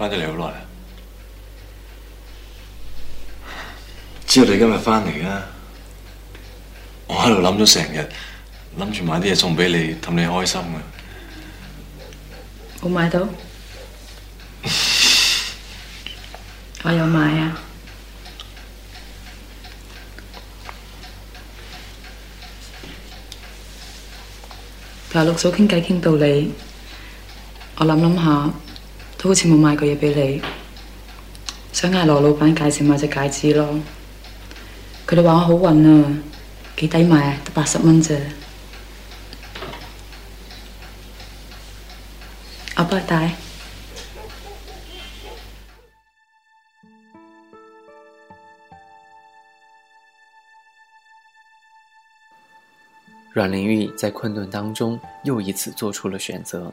翻咗嚟好耐啦，知道你今日翻嚟啦，我喺度諗咗成日，諗住買啲嘢送俾你，氹你開心噶。我買到，我有買啊！同六嫂傾偈傾到你，我諗諗下。都好似冇買過嘢，畀你想嗌羅老闆介紹買隻戒指咯。佢哋話我好運啊，幾抵買啊，得八十蚊啫。阿伯帶，阮玲玉在困頓當中，又一次做出了選擇。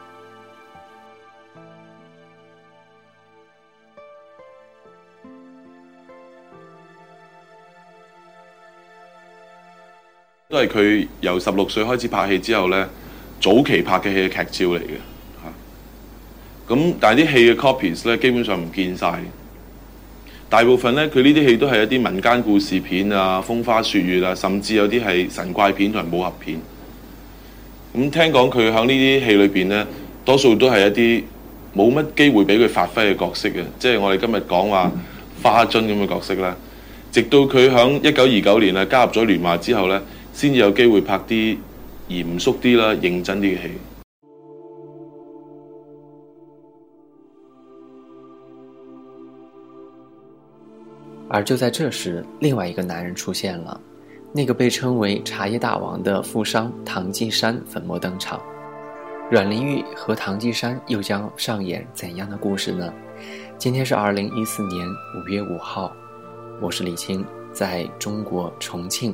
都係佢由十六歲開始拍戲之後呢，早期拍嘅戲嘅劇照嚟嘅。咁但係啲戲嘅 copies 咧，基本上唔見晒。大部分呢，佢呢啲戲都係一啲民間故事片啊、風花雪月啊，甚至有啲係神怪片同埋武俠片。咁聽講佢喺呢啲戲裏邊呢，多數都係一啲冇乜機會俾佢發揮嘅角色嘅，即係我哋今日講話、嗯、花樽咁嘅角色啦。直到佢響一九二九年啊，加入咗聯華之後呢，先有機會拍啲嚴肅啲啦、認真啲嘅戲。而就在此時，另外一個男人出現了，那個被稱為茶葉大王的富商唐季山粉墨登場。阮玲玉和唐季山又將上演怎樣的故事呢？今天是二零一四年五月五號，我是李青，在中國重慶。